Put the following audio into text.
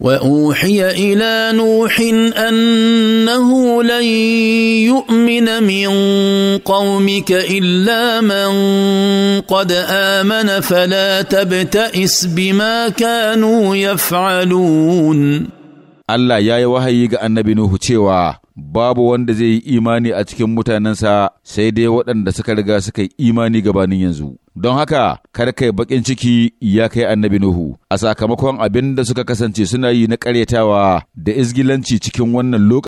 وأوحي إلى نوح أنه لن يؤمن من قومك إلا من قد آمن فلا تبتئس بما كانوا يفعلون Allah ya yi wahayi ga annabi Nuhu cewa babu wanda zai yi imani a cikin mutanensa sai dai waɗanda suka riga suka yi imani gabanin yanzu. don haka kar kai bakin ciki ya kai annabi Nuhu a sakamakon abin da suka kasance suna yi na karyatawa da izgilanci cikin wannan lokaci